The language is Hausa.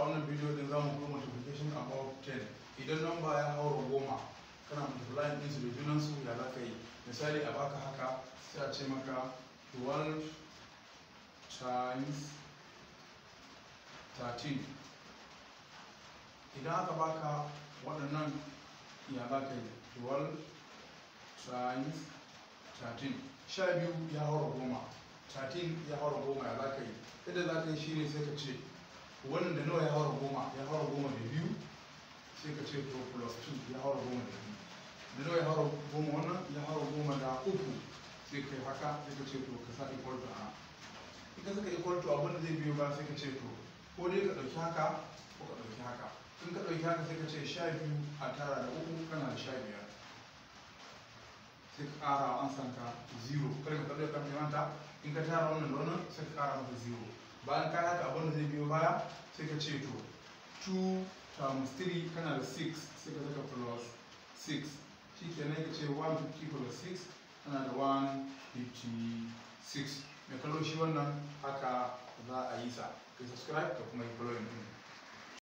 wannan bidiyo din zamu kuma multiplication about 10 idan number ya haura goma kana multiplying din su da junan su ya ka yi misali a baka haka sai a ce maka 12 times 13 idan aka baka waɗannan ya za ka yi 12 times 13 sha biyu ya haura goma 13 ya haura goma ya za ka yi idan za ka yi shi ne sai ka ce wannan da nawa ya haura goma ya haura goma da biyu sai ka ce to plus 2 ya haura goma da biyu da nawa ya haura goma wannan ya haura goma da uku sai ka yi haka sai ka ce to ka sa equal to a in ka saka equal to abin da zai biyo ba sai ka ce to ko dai ka ɗauki haka ko ka ɗauki haka in ka ɗauki haka sai ka ce sha biyu a tara da uku kana da sha biyar sai ka ƙara an sanka zero kar ka ɗauki kan manta in ka tara wannan da wannan sai ka ƙara masa zero bayan ka haka abin da zai biyo baya sai ka ce to 2 times 3 kana da 6 sai ka saka plus 6 shi kenan ka ce 150 plus 6 kana da 156 mai kallo shi wannan haka za a yi sa ka subscribe ka kuma yi following din